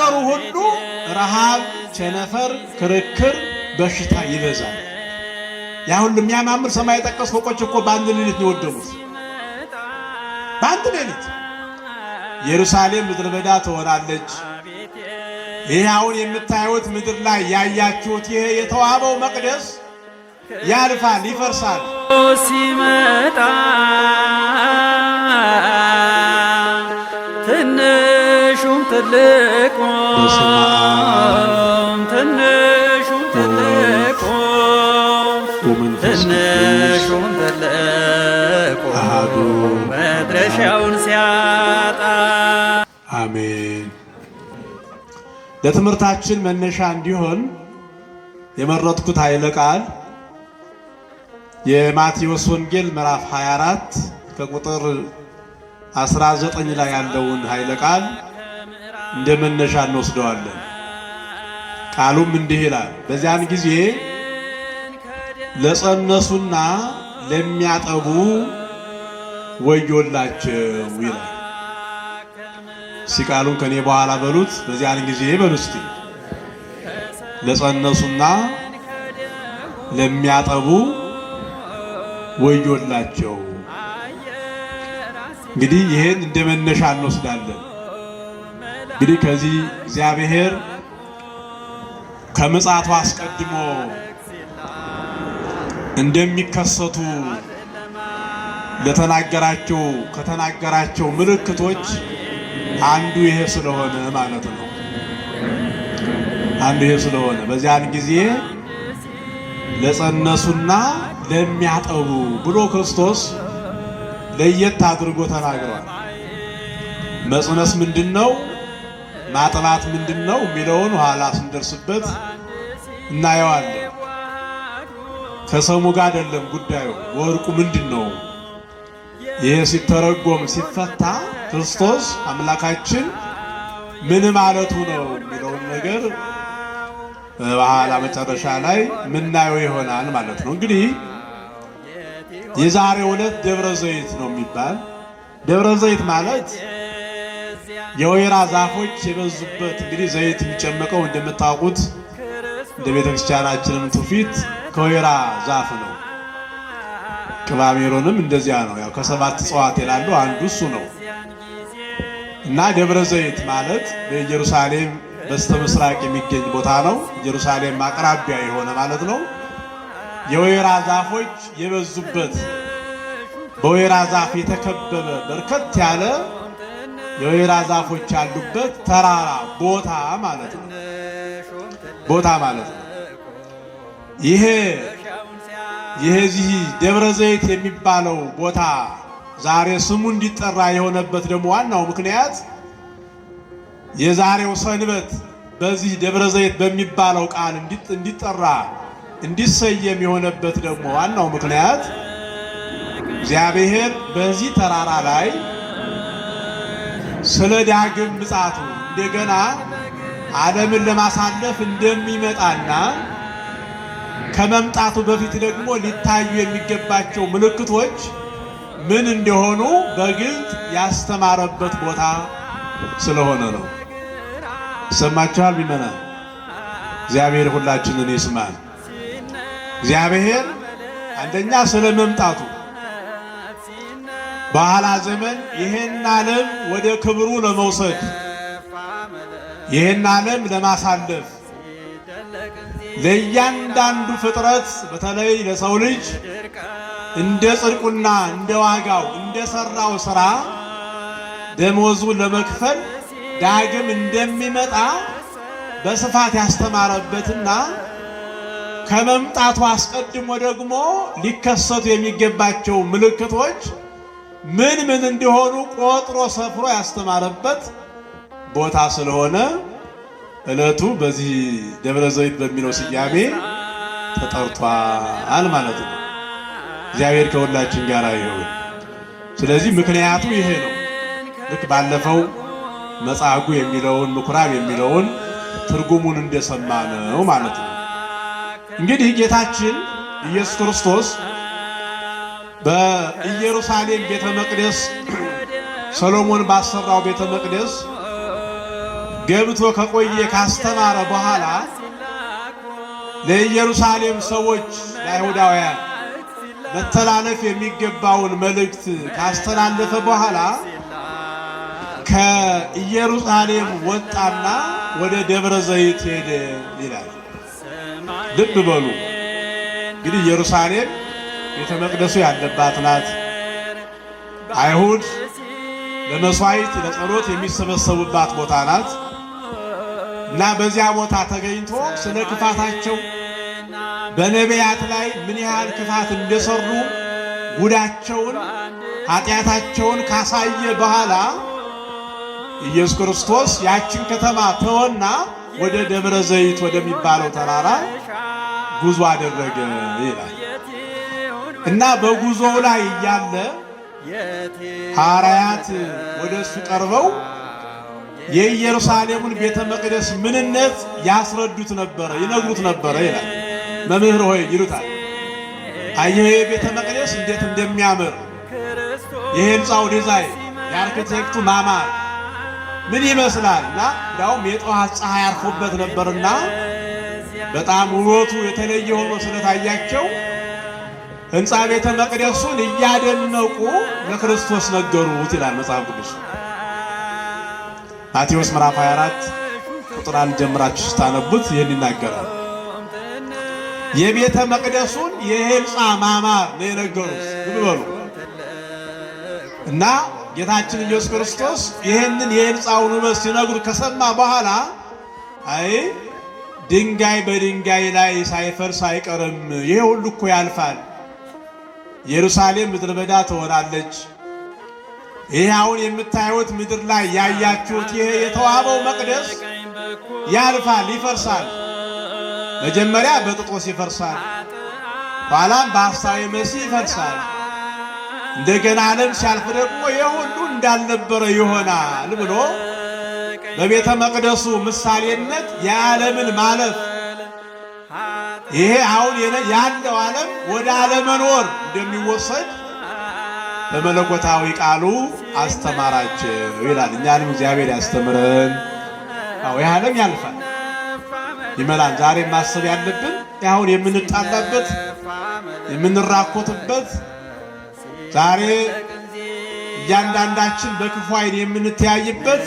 በሀገሩ ሁሉ ረሃብ፣ ቸነፈር፣ ክርክር፣ በሽታ ይበዛል። ያ ሁሉ የሚያማምር ሰማይ የጠቀስ ፎቆች እኮ በአንድ ሌሊት ነው የወደሙት። በአንድ ሌሊት ኢየሩሳሌም ምድረ በዳ ትሆናለች። ይህ አሁን የምታዩት ምድር ላይ ያያችሁት ይሄ የተዋበው መቅደስ ያልፋል፣ ይፈርሳል ሲመጣ ለትምህርታችን መነሻ እንዲሆን የመረጥኩት ኃይለ ቃል የማቴዎስ ወንጌል ምዕራፍ 24 ከቁጥር 19 ላይ ያለውን ኃይለ ቃል እንደ መነሻ እንወስደዋለን። ቃሉም እንዲህ ይላል፣ በዚያን ጊዜ ለጸነሱና ለሚያጠቡ ወዮላቸው ይላል። ሲቃሉን ከኔ በኋላ በሉት። በዚያን ጊዜ በሉት እስቲ ለጸነሱና ለሚያጠቡ ወዮላቸው። እንግዲህ ይህን እንደ መነሻ እንወስዳለን። እንግዲህ ከዚህ እግዚአብሔር ከምጽአቱ አስቀድሞ እንደሚከሰቱ ለተናገራቸው ከተናገራቸው ምልክቶች አንዱ ይሄ ስለሆነ ማለት ነው። አንዱ ይሄ ስለሆነ በዚያን ጊዜ ለጸነሱና ለሚያጠቡ ብሎ ክርስቶስ ለየት አድርጎ ተናግሯል። መጽነስ ምንድን ነው? ማጥባት ምንድን ነው? የሚለውን ኋላ ስንደርስበት እናየዋለን። ከሰሙ ጋር አይደለም ጉዳዩ፣ ወርቁ ምንድን ነው? ይሄ ሲተረጎም ሲፈታ ክርስቶስ አምላካችን ምን ማለቱ ነው የሚለውን ነገር በኋላ መጨረሻ ላይ ምናየው ይሆናል ማለት ነው። እንግዲህ የዛሬ ዕለት ደብረ ዘይት ነው የሚባል ደብረ ዘይት ማለት የወይራ ዛፎች የበዙበት እንግዲህ ዘይት የሚጨመቀው እንደምታውቁት እንደ ቤተ ክርስቲያናችንም ትውፊት ከወይራ ዛፍ ነው። ቅባሜሮንም እንደዚያ ነው። ያው ከሰባት እጽዋት ይላሉ አንዱ እሱ ነው። እና ደብረ ዘይት ማለት በኢየሩሳሌም በስተ ምስራቅ የሚገኝ ቦታ ነው። ኢየሩሳሌም አቅራቢያ የሆነ ማለት ነው። የወይራ ዛፎች የበዙበት በወይራ ዛፍ የተከበበ በርከት ያለ የወይራ ዛፎች ያሉበት ተራራ ቦታ ማለት ነው። ቦታ ማለት ነው። ይሄ ይሄ እዚህ ደብረ ዘይት የሚባለው ቦታ ዛሬ ስሙ እንዲጠራ የሆነበት ደግሞ ዋናው ምክንያት የዛሬው ሰንበት በዚህ ደብረ ዘይት በሚባለው ቃል እንዲጠራ እንዲሰየም የሆነበት ደግሞ ዋናው ምክንያት እግዚአብሔር በዚህ ተራራ ላይ ስለ ዳግም ምጽአቱ እንደገና ዓለምን ለማሳለፍ እንደሚመጣና ከመምጣቱ በፊት ደግሞ ሊታዩ የሚገባቸው ምልክቶች ምን እንደሆኑ በግልጥ ያስተማረበት ቦታ ስለሆነ ነው። ይሰማችኋል? ቢመና እግዚአብሔር ሁላችንን ይስማል። እግዚአብሔር አንደኛ ስለ መምጣቱ በኋላ ዘመን ይህን ዓለም ወደ ክብሩ ለመውሰድ ይህን ዓለም ለማሳለፍ ለእያንዳንዱ ፍጥረት በተለይ ለሰው ልጅ እንደ ጽድቁና እንደ ዋጋው እንደ ሠራው ሥራ ደሞዙ ለመክፈል ዳግም እንደሚመጣ በስፋት ያስተማረበትና ከመምጣቱ አስቀድሞ ደግሞ ሊከሰቱ የሚገባቸው ምልክቶች ምን ምን እንደሆኑ ቆጥሮ ሰፍሮ ያስተማረበት ቦታ ስለሆነ ዕለቱ በዚህ ደብረ ዘይት በሚለው ስያሜ ተጠርቷል ማለት ነው። እግዚአብሔር ከሁላችን ጋር ይሁን። ስለዚህ ምክንያቱ ይሄ ነው። ልክ ባለፈው መጻጉ የሚለውን ምኩራብ የሚለውን ትርጉሙን እንደሰማ ነው ማለት ነው። እንግዲህ ጌታችን ኢየሱስ ክርስቶስ በኢየሩሳሌም ቤተ መቅደስ ሰሎሞን ባሰራው ቤተ መቅደስ ገብቶ ከቆየ ካስተማረ በኋላ ለኢየሩሳሌም ሰዎች ለአይሁዳውያን መተላለፍ የሚገባውን መልእክት ካስተላለፈ በኋላ ከኢየሩሳሌም ወጣና ወደ ደብረ ዘይት ሄደ ይላል። ልብ በሉ እንግዲህ ኢየሩሳሌም ቤተ መቅደሱ ያለባት ናት። አይሁድ ለመሥዋዕት ለጸሎት የሚሰበሰቡባት ቦታ ናት እና በዚያ ቦታ ተገኝቶ ስለ ክፋታቸው በነቢያት ላይ ምን ያህል ክፋት እንደሰሩ ጉዳቸውን ኃጢአታቸውን ካሳየ በኋላ ኢየሱስ ክርስቶስ ያችን ከተማ ተወና ወደ ደብረ ዘይት ወደሚባለው ተራራ ጉዞ አደረገ ይላል እና በጉዞው ላይ እያለ ሐዋርያት ወደ እሱ ቀርበው የኢየሩሳሌሙን ቤተ መቅደስ ምንነት ያስረዱት ነበረ፣ ይነግሩት ነበረ ይላል። መምህር ሆይ ይሉታል። አየህ ቤተ መቅደስ እንዴት እንደሚያምር የህንፃው ዲዛይን የአርክቴክቱ ማማር ምን ይመስላል እና እንዲያውም የጠዋት ፀሐይ አርፎበት ነበርና በጣም ውበቱ የተለየ ሆኖ ስለታያቸው ህንፃ ቤተ መቅደሱን እያደነቁ ለክርስቶስ ነገሩት ይላል መጽሐፍ ቅዱስ። ማቴዎስ ምዕራፍ 24 ቁጥር አንድ ጀምራችሁ ስታነቡት ይህን ይናገራል። የቤተ መቅደሱን የህንፃ ማማር ነው የነገሩት። እና ጌታችን ኢየሱስ ክርስቶስ ይህንን የህንፃውን ውበት ሲነግሩ ከሰማ በኋላ አይ ድንጋይ በድንጋይ ላይ ሳይፈርስ አይቀርም፣ ይሄ ሁሉ እኮ ያልፋል፣ ኢየሩሳሌም ምድረ በዳ ትሆናለች። ይህ አሁን የምታዩት ምድር ላይ ያያችሁት ይሄ የተዋበው መቅደስ ያልፋል፣ ይፈርሳል መጀመሪያ በጥጦስ ይፈርሳል፣ ኋላም በሐሳዊ መሲህ ይፈርሳል። እንደገና ዓለም ሲያልፍ ደግሞ የሁሉ እንዳልነበረ ይሆናል ብሎ በቤተ መቅደሱ ምሳሌነት የዓለምን ማለፍ ይሄ አሁን ያለው ዓለም ወደ አለመኖር እንደሚወሰድ በመለኮታዊ ቃሉ አስተማራቸው ይላል። እኛንም እግዚአብሔር ያስተምረን። ይህ ዓለም ያልፋል። ይመላል። ዛሬ ማሰብ ያለብን አሁን የምንጣላበት የምንራኮትበት ዛሬ እያንዳንዳችን በክፉ ዓይን የምንተያይበት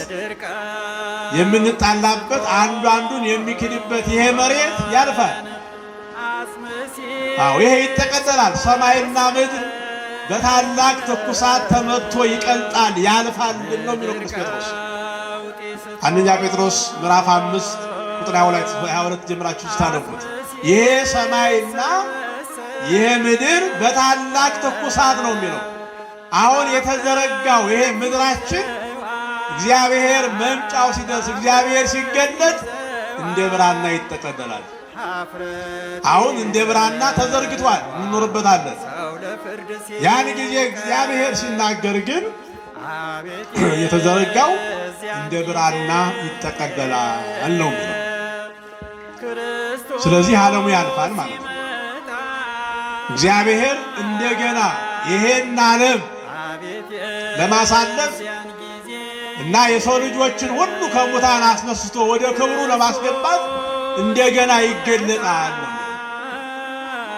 የምንጣላበት አንዱ አንዱን የሚክድበት ይሄ መሬት ያልፋል። አዎ ይሄ ይጠቀጠላል። ሰማይና ምድር በታላቅ ትኩሳት ተመቶ ይቀልጣል ያልፋል ነው የሚለው ቅዱስ ጴጥሮስ አንደኛ ጴጥሮስ ምዕራፍ አምስት ቁጥር 22 22 ጀምራችሁ ስታነቡት ይሄ ሰማይና ይሄ ምድር በታላቅ ትኩሳት ነው የሚለው። አሁን የተዘረጋው ይሄ ምድራችን እግዚአብሔር መምጫው ሲደርስ እግዚአብሔር ሲገለጥ እንደ ብራና ይጠቀለላል። አሁን እንደ ብራና ተዘርግቷል፣ እንኖርበታለን። ያን ጊዜ እግዚአብሔር ሲናገር ግን የተዘረጋው እንደ ብራና ይጠቀለላል ነው የሚለው። ስለዚህ ዓለሙ ያልፋል ማለት ነው። እግዚአብሔር እንደገና ይሄን ዓለም ለማሳለፍ እና የሰው ልጆችን ሁሉ ከሙታን አስነስቶ ወደ ክብሩ ለማስገባት እንደገና ይገለጣል።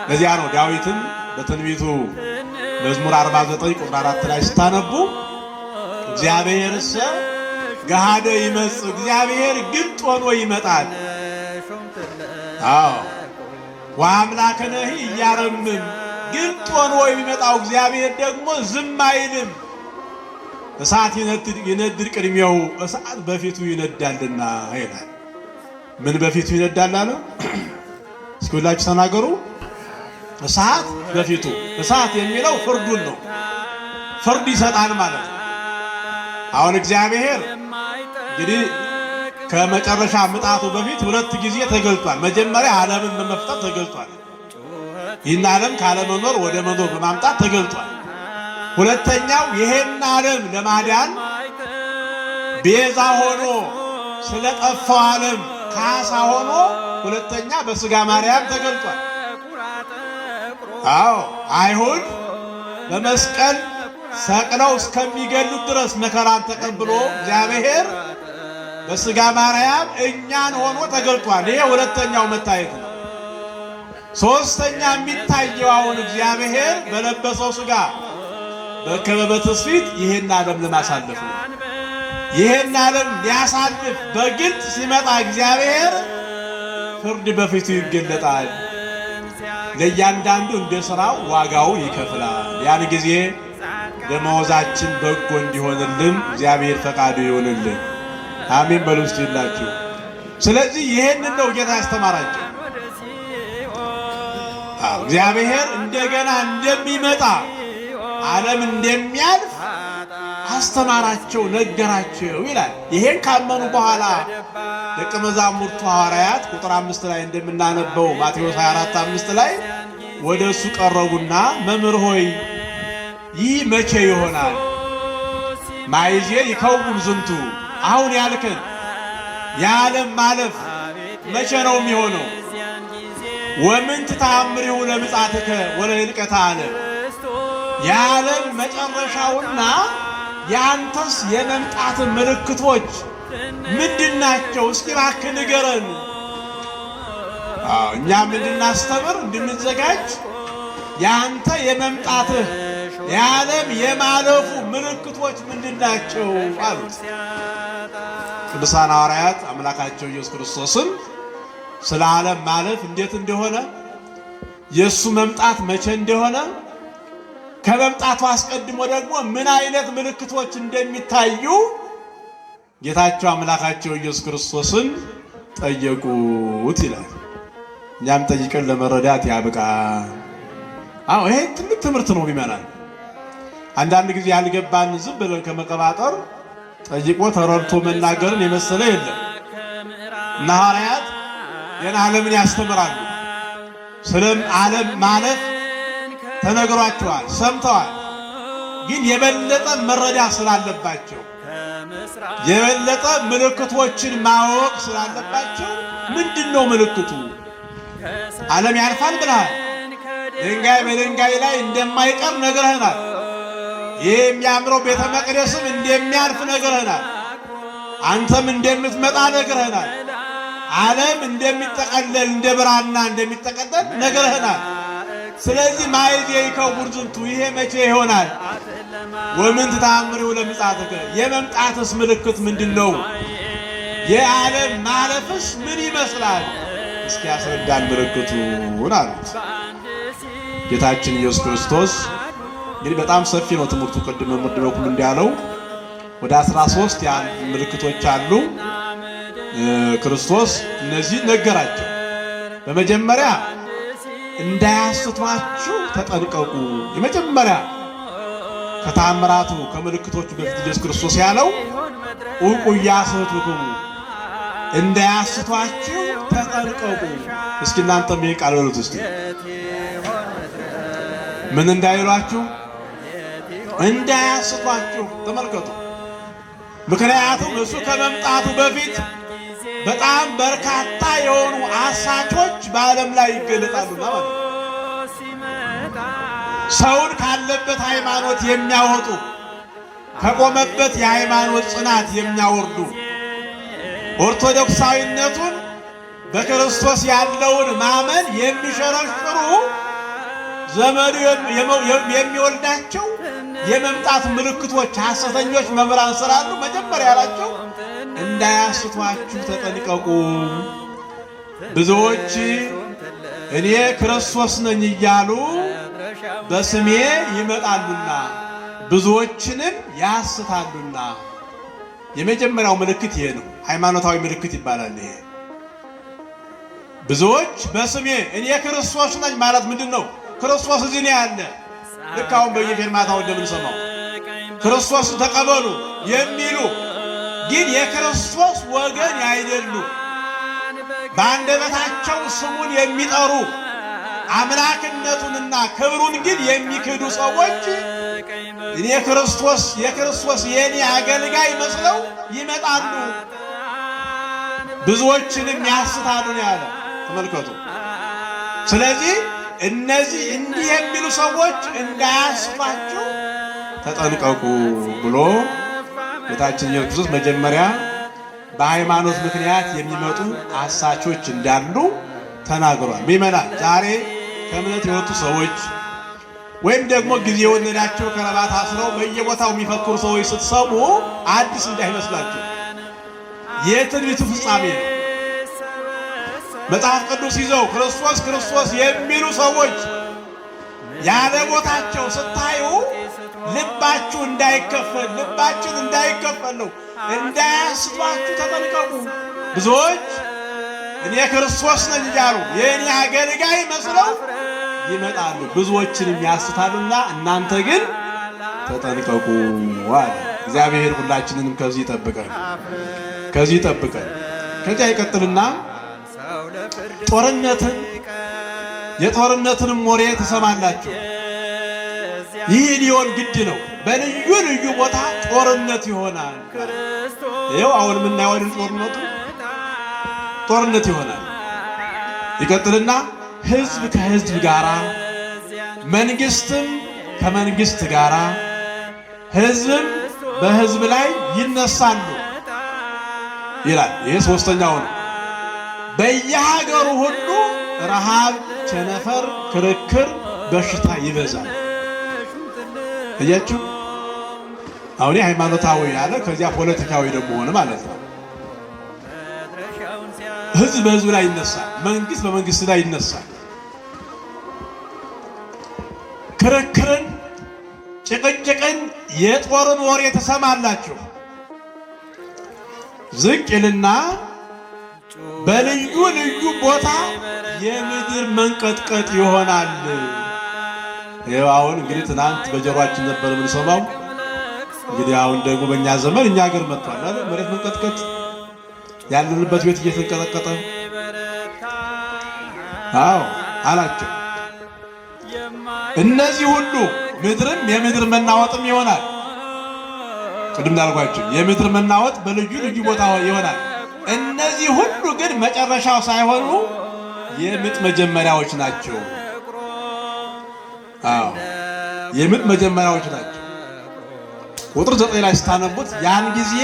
ለዚያ ነው ዳዊትን በትንቢቱ መዝሙር 49 ቁጥር 4 ላይ ስታነቡ ሰ ገሃደ ይመጽእ እግዚአብሔር ግልጥ ሆኖ ይመጣል አዎ ወአምላከ ነህ እያረምም ግን ጦን ወይ የሚመጣው እግዚአብሔር ደግሞ ዝም አይልም። እሳት ይነድድ ቅድሚያው እሳት በፊቱ ይነዳልና ይላል። ምን በፊቱ ይነዳል አለ? እስኪ ሁላችሁ ተናገሩ። እሳት በፊቱ እሳት የሚለው ፍርዱን ነው። ፍርድ ይሰጣል ማለት ነው። አሁን እግዚአብሔር እንግዲህ ከመጨረሻ ምጣቱ በፊት ሁለት ጊዜ ተገልጧል። መጀመሪያ ዓለምን በመፍጠር ተገልጧል። ይህን ዓለም ካለመኖር ወደ መኖር በማምጣት ተገልጧል። ሁለተኛው ይሄን ዓለም ለማዳን ቤዛ ሆኖ ስለጠፋው ዓለም ካሳ ሆኖ ሁለተኛ በስጋ ማርያም ተገልጧል። አዎ አይሁድ በመስቀል ሰቅለው እስከሚገሉት ድረስ መከራን ተቀብሎ እግዚአብሔር በስጋ ማርያም እኛን ሆኖ ተገልጧል። ይሄ ሁለተኛው መታየት ነው። ሶስተኛ የሚታየው አሁን እግዚአብሔር በለበሰው ስጋ በከበበ ትስፊት ይሄን ዓለም ለማሳለፍ ነው። ይሄን ዓለም ሊያሳልፍ በግልጽ ሲመጣ እግዚአብሔር ፍርድ በፊቱ ይገለጣል። ለእያንዳንዱ እንደ ሥራው ዋጋው ይከፍላል። ያን ጊዜ ደመወዛችን በጎ እንዲሆንልን እግዚአብሔር ፈቃዱ ይሆንልን። አሜን በሉ እስቲ ይላችሁ። ስለዚህ ይሄንን ነው ጌታ ያስተማራቸው። እግዚአብሔር እንደገና እንደሚመጣ ዓለም እንደሚያልፍ አስተማራቸው፣ ነገራቸው ይላል። ይሄን ካመኑ በኋላ ደቀ መዛሙርቱ ሐዋርያት ቁጥር አምስት ላይ እንደምናነበው ማቴዎስ 24 አምስት ላይ ወደ እሱ ቀረቡና መምህር ሆይ ይህ መቼ ይሆናል? ማይዜ ይከውን ዝንቱ አሁን ያልክን የዓለም ማለፍ መቼ ነው የሚሆነው? ወምንት ተአምሪሁ ለምጻትከ ወለህልቀተ ዓለም የዓለም መጨረሻውና የአንተስ የመምጣት ምልክቶች ምንድናቸው? እስኪ እባክህ ንገረን። እኛም እንድናስተምር እንድንዘጋጅ የአንተ የመምጣትህ የዓለም የማለፉ ምልክቶች ምንድን ናቸው አሉት። ቅዱሳን ሐዋርያት አምላካቸው ኢየሱስ ክርስቶስም ስለ ዓለም ማለፍ እንዴት እንደሆነ የእሱ መምጣት መቼ እንደሆነ ከመምጣቱ አስቀድሞ ደግሞ ምን አይነት ምልክቶች እንደሚታዩ ጌታቸው አምላካቸው ኢየሱስ ክርስቶስን ጠየቁት ይላል። እኛም ጠይቀን ለመረዳት ያብቃ። አዎ ይሄ ትልቅ ትምህርት ነው ይመናል። አንዳንድ ጊዜ ያልገባን ዝም ብለን ከመቀባጠር ጠይቆ ተረድቶ መናገርን የመሰለ የለም እና ሐዋርያት ገና ዓለምን ያስተምራሉ። ስለም ዓለም ማለት ተነግሯቸዋል፣ ሰምተዋል። ግን የበለጠ መረዳ ስላለባቸው የበለጠ ምልክቶችን ማወቅ ስላለባቸው ምንድን ነው ምልክቱ? ዓለም ያልፋል ብለሃል። ድንጋይ በድንጋይ ላይ እንደማይቀር ነግረህናል። ይህ የሚያምረው ቤተ መቅደስም እንደሚያልፍ ነግረህናል። አንተም እንደምትመጣ ነግረህናል። ዓለም እንደሚጠቀለል እንደ ብራና እንደሚጠቀለል ነግረህናል። ስለዚህ ማየት የይከውር ዝንቱ ይሄ መቼ ይሆናል? ወምን ትታምሪው ለምጻትከ የመምጣትስ ምልክት ምንድን ነው? የዓለም ማለፍስ ምን ይመስላል? እስኪ ያስረዳን ምልክቱን አሉት። ጌታችን ኢየሱስ ክርስቶስ እንግዲህ በጣም ሰፊ ነው ትምህርቱ። ቅድም መምህር እንዳለው ወደ 13 ያን ምልክቶች አሉ። ክርስቶስ እነዚህ ነገራቸው። በመጀመሪያ እንዳያስቷችሁ ተጠንቀቁ። የመጀመሪያ ከታምራቱ ከምልክቶቹ በፊት ኢየሱስ ክርስቶስ ያለው ዕውቁ ኢያስቱክሙ እንዳያስቷችሁ ተጠንቀቁ። እስኪ እናንተም ይሄን ቃል በሉት እስቲ ምን እንዳይሏችሁ እንዳያስቷችሁ ተመልከቱ። ምክንያቱም እሱ ከመምጣቱ በፊት በጣም በርካታ የሆኑ አሳቾች በዓለም ላይ ይገለጣሉ ማለት ነው። ሰውን ካለበት ሃይማኖት የሚያወጡ ከቆመበት የሃይማኖት ጽናት የሚያወርዱ ኦርቶዶክሳዊነቱን በክርስቶስ ያለውን ማመን የሚሸረሽሩ ዘመኑ የሚወልዳቸው የመምጣት ምልክቶች ሐሰተኞች መምህራን ስላሉ መጀመሪያ ያላቸው እንዳያስቷችሁ ተጠንቀቁ። ብዙዎች እኔ ክርስቶስ ነኝ እያሉ በስሜ ይመጣሉና ብዙዎችንም ያስታሉና። የመጀመሪያው ምልክት ይሄ ነው። ሃይማኖታዊ ምልክት ይባላል። ይሄ ብዙዎች በስሜ እኔ ክርስቶስ ነኝ ማለት ምንድን ነው? ክርስቶስ እዚህ ነው ያለ ልክ አሁን በየፌርማታው እንደምንሰማው ክርስቶስን ተቀበሉ የሚሉ ግን የክርስቶስ ወገን ያይደሉ በአንደበታቸው ስሙን የሚጠሩ አምላክነቱንና ክብሩን ግን የሚክዱ ሰዎች እኔ ክርስቶስ የክርስቶስ የኔ አገልጋይ መስለው ይመጣሉ፣ ብዙዎችንም ያስታሉን ያለ። ተመልከቱ። ስለዚህ እነዚህ እንዲህ የሚሉ ሰዎች እንዳያስፋችሁ ተጠንቀቁ ብሎ ጌታችን ኢየሱስ ክርስቶስ መጀመሪያ በሃይማኖት ምክንያት የሚመጡ አሳቾች እንዳሉ ተናግሯል። ሚመና ዛሬ ከእምነት የወጡ ሰዎች ወይም ደግሞ ጊዜ የወለዳቸው ከረባት አስረው በየቦታው የሚፈክሩ ሰዎች ስትሰሙ አዲስ እንዳይመስላችሁ የትንቢቱ ፍጻሜ ነው። መጽሐፍ ቅዱስ ይዘው ክርስቶስ ክርስቶስ የሚሉ ሰዎች ያለ ቦታቸው ስታዩ ልባችሁ እንዳይከፈል ልባችን እንዳይከፈል ነው፣ እንዳያስቷችሁ ተጠንቀቁ። ብዙዎች እኔ ክርስቶስ ነኝ እያሉ የእኔ አገልጋይ መስለው ይመጣሉ፣ ብዙዎችንም ያስታሉና እናንተ ግን ተጠንቀቁ አለ። እግዚአብሔር ሁላችንንም ከዚህ ይጠብቀን፣ ከዚህ ይጠብቀን። ከዚያ ይቀጥልና ጦርነትን የጦርነትንም ወሬ ትሰማላችሁ። ይህ ሊሆን ግድ ነው። በልዩ ልዩ ቦታ ጦርነት ይሆናል። ይኸው አሁን የምናየው ጦርነቱ ጦርነት ይሆናል። ይቀጥልና ሕዝብ ከሕዝብ ጋር፣ መንግስትም ከመንግስት ጋር፣ ሕዝብም በሕዝብ ላይ ይነሳሉ ይላል። ይህ ሶስተኛው ነው። በየሀገሩ ሁሉ ረሃብ፣ ቸነፈር፣ ክርክር፣ በሽታ ይበዛል። እያችሁ አሁን ሃይማኖታዊ ያለ ከዚያ ፖለቲካዊ ደግሞ ሆነ ማለት ነው። ህዝብ በህዝብ ላይ ይነሳል፣ መንግስት በመንግስት ላይ ይነሳል። ክርክርን፣ ጭቅጭቅን፣ የጦርን ወሬ ተሰማላችሁ። ዝቅ ይልና በልዩ ልዩ ቦታ የምድር መንቀጥቀጥ ይሆናል። ይኸው አሁን እንግዲህ ትናንት በጀሯችን ነበር የምንሰማው። እንግዲህ አሁን ደግሞ በእኛ ዘመን እኛ ሀገር መጥቷል አይደል? መሬት መንቀጥቀጥ ያለንበት ቤት እየተንቀጠቀጠ አዎ አላቸው። እነዚህ ሁሉ ምድርም የምድር መናወጥም ይሆናል። ቅድም እንዳልኳቸው የምድር መናወጥ በልዩ ልዩ ቦታ ይሆናል። እነዚህ ሁሉ ግን መጨረሻው ሳይሆኑ የምጥ መጀመሪያዎች ናቸው። አዎ የምጥ መጀመሪያዎች ናቸው። ቁጥር ዘጠኝ ላይ ስታነቡት ያን ጊዜ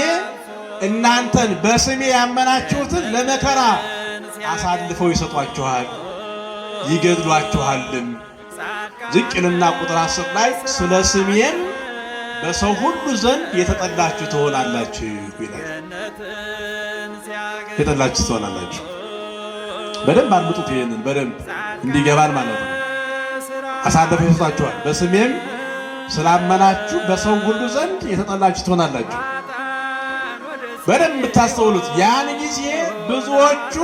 እናንተን በስሜ ያመናችሁትን ለመከራ አሳልፈው ይሰጧችኋል፣ ይገድሏችኋልም። ዝቅንና ቁጥር አስር ላይ ስለ ስሜም በሰው ሁሉ ዘንድ የተጠላችሁ ትሆናላችሁ ይላል። የጠላችሁ ትሆናላችሁ። በደንብ አድምጡት። ይሄንን በደንብ እንዲገባን ማለት ነው። አሳልፈው ይሰጣችኋል። በስሜም ስላመናችሁ በሰው ሁሉ ዘንድ የተጠላችሁ ትሆናላችሁ። በደንብ የምታስተውሉት ያን ጊዜ ብዙዎቹ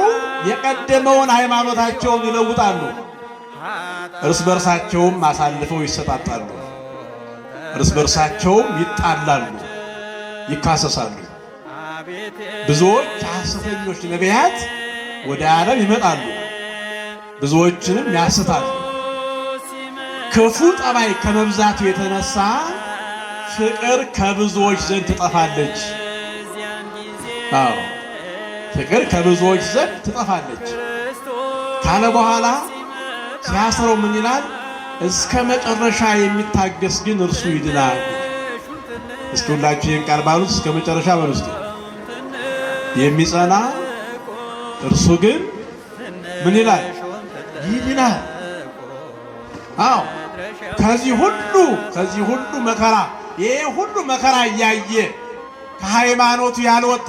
የቀደመውን ሃይማኖታቸውን ይለውጣሉ፣ እርስ በርሳቸውም አሳልፈው ይሰጣጣሉ፣ እርስ በርሳቸውም ይጣላሉ፣ ይካሰሳሉ። ብዙዎች ሐሰተኞች ነቢያት ወደ ዓለም ይመጣሉ፣ ብዙዎችንም ያስታሉ። ክፉ ጠባይ ከመብዛቱ የተነሳ ፍቅር ከብዙዎች ዘንድ ትጠፋለች። አዎ ፍቅር ከብዙዎች ዘንድ ትጠፋለች ካለ በኋላ ሲያስረው ምን ይላል? እስከ መጨረሻ የሚታገስ ግን እርሱ ይድናል። እስኪ ሁላችሁ ይህን ቃል ባሉት እስከ መጨረሻ በሉስት የሚጸና እርሱ ግን ምን ይላል? ይድናል። አዎ ከዚህ ሁሉ ከዚህ ሁሉ መከራ ይሄ ሁሉ መከራ እያየ ከሃይማኖቱ ያልወጣ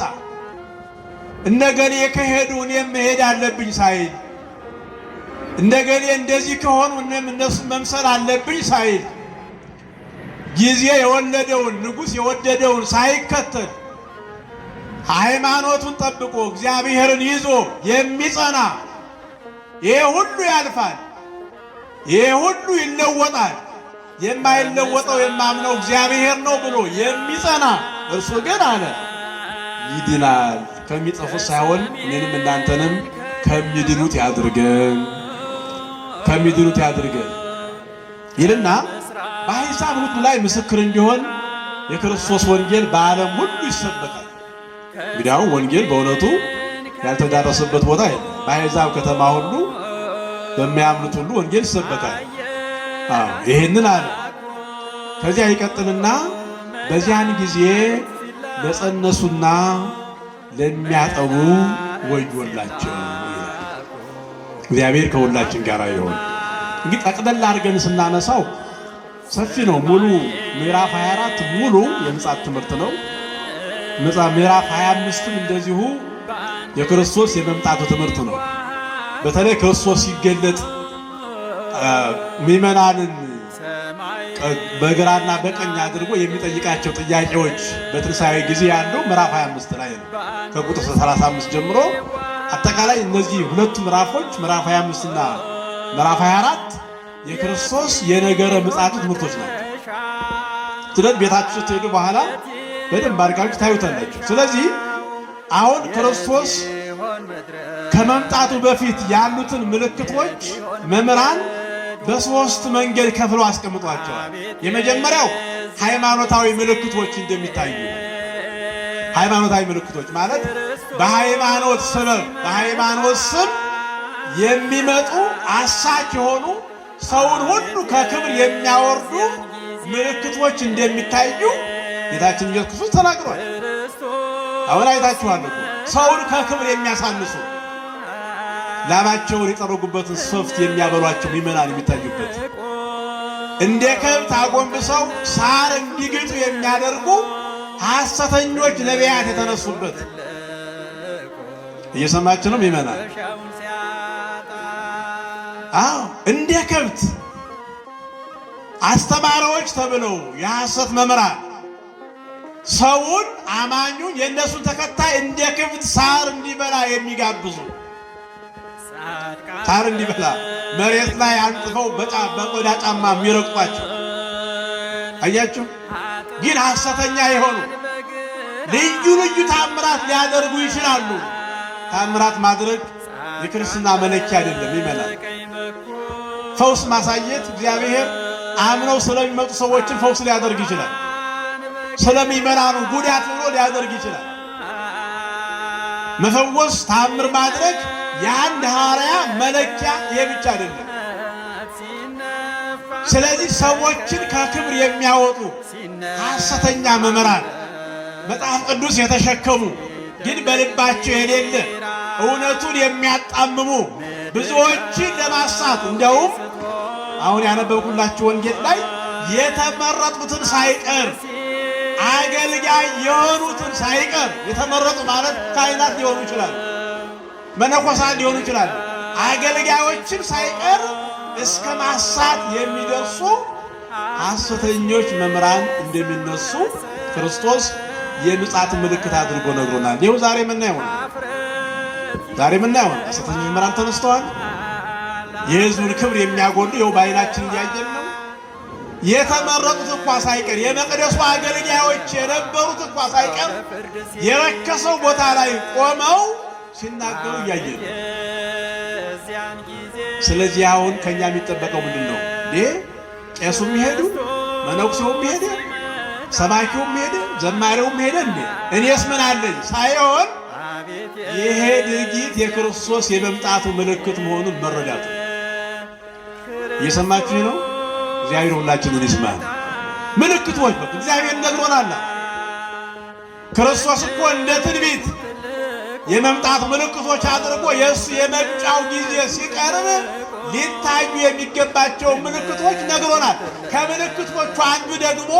እነገሌ ከሄዱ እኔም መሄድ አለብኝ ሳይል እንደገሌ እንደዚህ ከሆኑ እኔም እነሱ መምሰል አለብኝ ሳይል ጊዜ የወለደውን ንጉሥ የወደደውን ሳይከተል ሃይማኖቱን ጠብቆ እግዚአብሔርን ይዞ የሚጸና ይህ ሁሉ ያልፋል፣ ይህ ሁሉ ይለወጣል። የማይለወጠው የማምነው እግዚአብሔር ነው ብሎ የሚጸና እርሱ ግን አለ ይድናል። ከሚጠፉት ሳይሆን እኔንም እናንተንም ከሚድኑት ያድርገን፣ ከሚድኑት ያድርገን ይልና በአሕዛብ ሁሉ ላይ ምስክር እንዲሆን የክርስቶስ ወንጌል በዓለም ሁሉ ይሰበካል። እንግዲህ ወንጌል በእውነቱ ያልተዳረሰበት ቦታ የለም። በአሕዛብ ከተማ ሁሉ በሚያምኑት ሁሉ ወንጌል ይሰበካል። ይሄንን አለ። ከዚያ ይቀጥልና በዚያን ጊዜ ለጸነሱና ለሚያጠቡ ወዮላቸው። እግዚአብሔር ከሁላችን ጋር ይሆን። እንግዲህ ጠቅለል አድርገን ስናነሳው ሰፊ ነው። ሙሉ ምዕራፍ 24 ሙሉ የምጽአት ትምህርት ነው። ምዕራፍ 25ም እንደዚሁ የክርስቶስ የመምጣቱ ትምህርት ነው። በተለይ ክርስቶስ ሲገለጥ ምዕመናንን በግራና በቀኝ አድርጎ የሚጠይቃቸው ጥያቄዎች በትንሣኤ ጊዜ ያለው ምዕራፍ 25 ላይ ነው። ከቁጥር 35 ጀምሮ አጠቃላይ እነዚህ ሁለቱ ምዕራፎች ምዕራፍ 25 እና ምዕራፍ 24 የክርስቶስ የነገረ ምጽአቱ ትምህርቶች ናቸው። ስለዚህ ቤታችሁ ስትሄዱ በኋላ በደንብ አድርጋችሁ ታዩታላችሁ። ስለዚህ አሁን ክርስቶስ ከመምጣቱ በፊት ያሉትን ምልክቶች መምህራን በሶስት መንገድ ከፍሎ አስቀምጧቸዋል። የመጀመሪያው ሃይማኖታዊ ምልክቶች እንደሚታዩ ሃይማኖታዊ ምልክቶች ማለት በሃይማኖት ሰበብ በሃይማኖት ስም የሚመጡ አሳች የሆኑ ሰውን ሁሉ ከክብር የሚያወርዱ ምልክቶች እንደሚታዩ ጌታችን ኢየሱስ ክርስቶስ ተናግሯል። አሁን አይታችኋል እኮ ሰውን ከክብር የሚያሳንሱ ላባቸውን የጠረጉበትን ሶፍት የሚያበሏቸው ምዕመናን የሚታዩበት እንደ ከብት አጎንብሰው ሳር እንዲግጡ የሚያደርጉ ሐሰተኞች ነቢያት የተነሱበት ነው ይመናል። አዎ እንደ ከብት አስተማሪዎች ተብለው የሐሰት መምህራን ሰውን አማኙን የእነሱን ተከታይ እንደ ክፍት ሳር እንዲበላ የሚጋብዙ ሳር እንዲበላ መሬት ላይ አንጥፈው በቆዳ ጫማ የሚረግጧቸው አያችሁ። ግን ሐሰተኛ የሆኑ ልዩ ልዩ ታምራት ሊያደርጉ ይችላሉ። ታምራት ማድረግ የክርስትና መለኪያ አይደለም። ይመላል ፈውስ ማሳየት እግዚአብሔር አምነው ስለሚመጡ ሰዎችን ፈውስ ሊያደርግ ይችላል። ስለሚመራ ጉዳት ኑሮ ሊያደርግ ይችላል። መፈወስ፣ ታምር ማድረግ የአንድ ሐዋርያ መለኪያ የብቻ አይደለም። ስለዚህ ሰዎችን ከክብር የሚያወጡ ሐሰተኛ መምህራን መጽሐፍ ቅዱስ የተሸከሙ ግን በልባቸው የሌለ እውነቱን የሚያጣምሙ ብዙዎችን ለማሳት እንዲያውም አሁን ያነበብኩላችሁ ወንጌል ላይ የተመረጡትን ሳይቀር አገልጋይ የሆኑትን ሳይቀር የተመረጡ ማለት ካህናት ሊሆኑ ይችላል፣ መነኮሳት ሊሆኑ ይችላል። አገልጋዮችን ሳይቀር እስከ ማሳት የሚደርሱ ሐሰተኞች መምህራን እንደሚነሱ ክርስቶስ የምጽአት ምልክት አድርጎ ነግሮናል። ይኸው ዛሬ የምናየው ነው። ዛሬ የምናየው ነው። ሐሰተኞች መምህራን ተነስተዋል። የሕዝቡን ክብር የሚያጎሉ ይኸው በዓይናችን እያየን ነው። የተመረጡት እንኳ ሳይቀር የመቅደሱ አገልጋዮች የነበሩት እንኳ ሳይቀር የረከሰው ቦታ ላይ ቆመው ሲናገሩ እያየ። ስለዚህ አሁን ከእኛ የሚጠበቀው ምንድን ነው? ይህ ቄሱም ሄዱ፣ መነኩሴውም ሄደ፣ ሰባኪውም ሄደ፣ ዘማሪውም ሄደ። እንዴ እኔስ ምን አለኝ ሳይሆን ይሄ ድርጊት የክርስቶስ የመምጣቱ ምልክት መሆኑን መረዳቱ እየሰማችሁ ነው። እግዚአብሔር ሁላችንን ይስማል። ምልክቶች እግዚአብሔር ነግሮናል። ክርስቶስ እኮ እንደ ትንቢት የመምጣት ምልክቶች አድርጎ የእሱ የመጫው ጊዜ ሲቀርብ ሊታዩ የሚገባቸው ምልክቶች ነግሮናል። ከምልክቶቹ አንዱ ደግሞ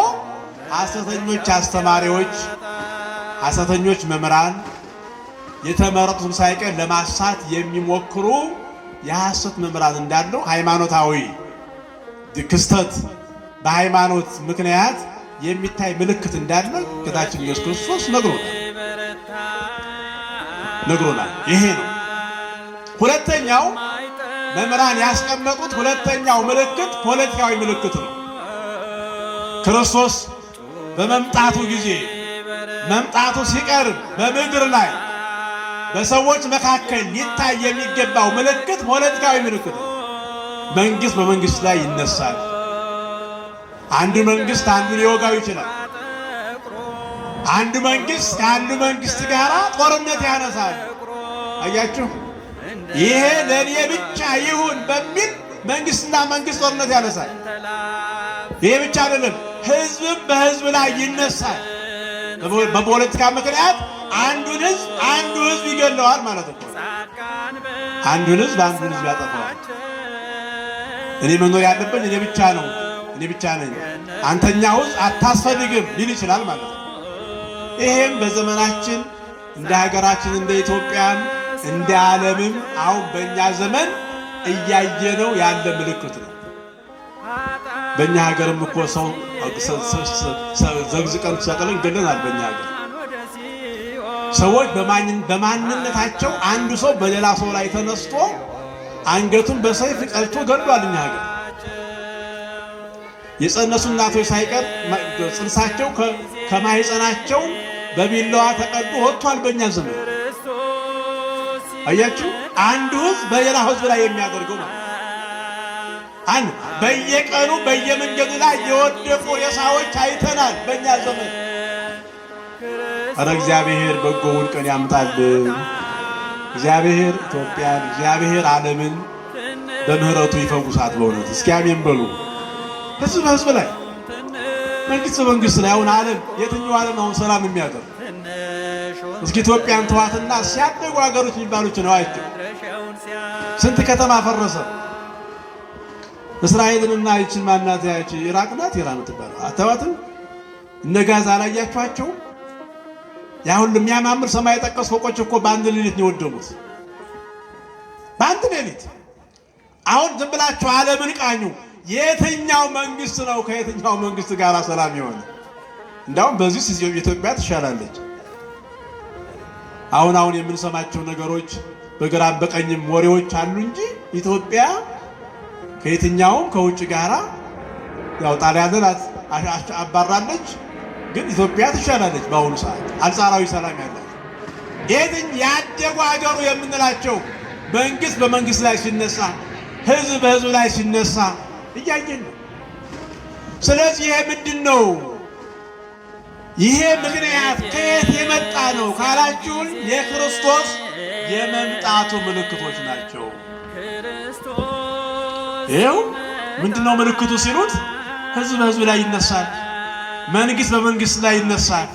ሐሰተኞች አስተማሪዎች፣ ሐሰተኞች መምህራን የተመረጡትም ሳይቀር ለማሳት የሚሞክሩ የሐሰት መምህራን እንዳሉ ሃይማኖታዊ ክስተት በሃይማኖት ምክንያት የሚታይ ምልክት እንዳለ ጌታችን ኢየሱስ ክርስቶስ ነግሮናል ነግሮናል። ይሄ ነው ሁለተኛው መምህራን ያስቀመጡት ሁለተኛው ምልክት ፖለቲካዊ ምልክት ነው። ክርስቶስ በመምጣቱ ጊዜ መምጣቱ ሲቀርብ በምድር ላይ በሰዎች መካከል ሊታይ የሚገባው ምልክት ፖለቲካዊ ምልክት ነው። መንግስት በመንግስት ላይ ይነሳል። አንዱ መንግስት አንዱ ሊወጋው ይችላል። አንዱ መንግስት ከአንዱ መንግስት ጋር ጦርነት ያነሳል። አያችሁ፣ ይሄ ለእኔ ብቻ ይሁን በሚል መንግስትና መንግስት ጦርነት ያነሳል። ይሄ ብቻ አይደለም፣ ህዝብም በህዝብ ላይ ይነሳል። በፖለቲካ ምክንያት አንዱን ህዝብ አንዱ ህዝብ ይገለዋል ማለት ነው። አንዱን ህዝብ አንዱን ህዝብ ያጠፋዋል። እኔ መኖር ያለብን እኔ ብቻ ነው፣ እኔ ብቻ ነኝ፣ አንተኛ ውስጥ አታስፈልግም ሊል ይችላል ማለት ነው። ይሄም በዘመናችን እንደ ሀገራችን እንደ ኢትዮጵያም እንደ ዓለምም አሁን በእኛ ዘመን እያየነው ያለ ምልክት ነው። በእኛ ሀገርም እኮ ሰው ዘግዝቀን ሰቅለን ገለናል። በእኛ ሀገር ሰዎች በማንነታቸው አንዱ ሰው በሌላ ሰው ላይ ተነስቶ አንገቱን በሰይፍ ቀልቶ ገድሏል። እኛ ሀገር የጸነሱ እናቶች ሳይቀር ጽንሳቸው ከማህፀናቸው በቢላዋ ተቀዶ ወጥቷል። በእኛ ዘመን አያችሁ፣ አንዱ ሕዝብ በሌላ ህዝብ ላይ የሚያደርገው ማለት አንድ በየቀኑ በየመንገዱ ላይ የወደቁ ሬሳዎች አይተናል። በእኛ ዘመን እረ እግዚአብሔር በጎውን ቀን ያምጣል። እግዚአብሔር ኢትዮጵያን፣ እግዚአብሔር ዓለምን በምህረቱ ይፈውሳት። በእውነት እስኪ አሜን በሉ። ህዝብ በህዝብ ላይ መንግስት በመንግስት ላይ አሁን ዓለም የትኛው ዓለም አሁን ሰላም የሚያደር እስኪ ኢትዮጵያን ተዋትና ሲያደጉ ሀገሮች የሚባሉት ነው አይቸው ስንት ከተማ ፈረሰ። እስራኤልንና ይችን ማናት ያቺ ኢራቅ ናት ኢራን ትባላል አተዋትም እነ ጋዛ አላያችኋቸው ያ ሁሉ የሚያማምር ሰማይ የጠቀሱ ፎቆች እኮ በአንድ ሌሊት ነው የወደሙት። በአንድ ሌሊት። አሁን ዝም ብላችሁ ዓለምን ቃኙ። የትኛው መንግስት ነው ከየትኛው መንግስት ጋር ሰላም የሆነ? እንዳውም በዚህ ኢትዮጵያ ትሻላለች። አሁን አሁን የምንሰማቸው ነገሮች በግራም በቀኝም ወሬዎች አሉ እንጂ ኢትዮጵያ ከየትኛውም ከውጭ ጋራ ያው ጣሊያንን አባራለች። ግን ኢትዮጵያ ትሻላለች። በአሁኑ ሰዓት አንጻራዊ ሰላም ያላት የትኝ ያደጉ ሀገሩ የምንላቸው መንግስት በመንግስት ላይ ሲነሳ፣ ህዝብ በህዝብ ላይ ሲነሳ እያየን ነው። ስለዚህ ይሄ ምንድን ነው? ይሄ ምክንያት ከየት የመጣ ነው ካላችሁን፣ የክርስቶስ የመምጣቱ ምልክቶች ናቸው። ይኸው ምንድን ነው ምልክቱ ሲሉት ህዝብ በህዝብ ላይ ይነሳል። መንግስት በመንግስት ላይ ይነሳል።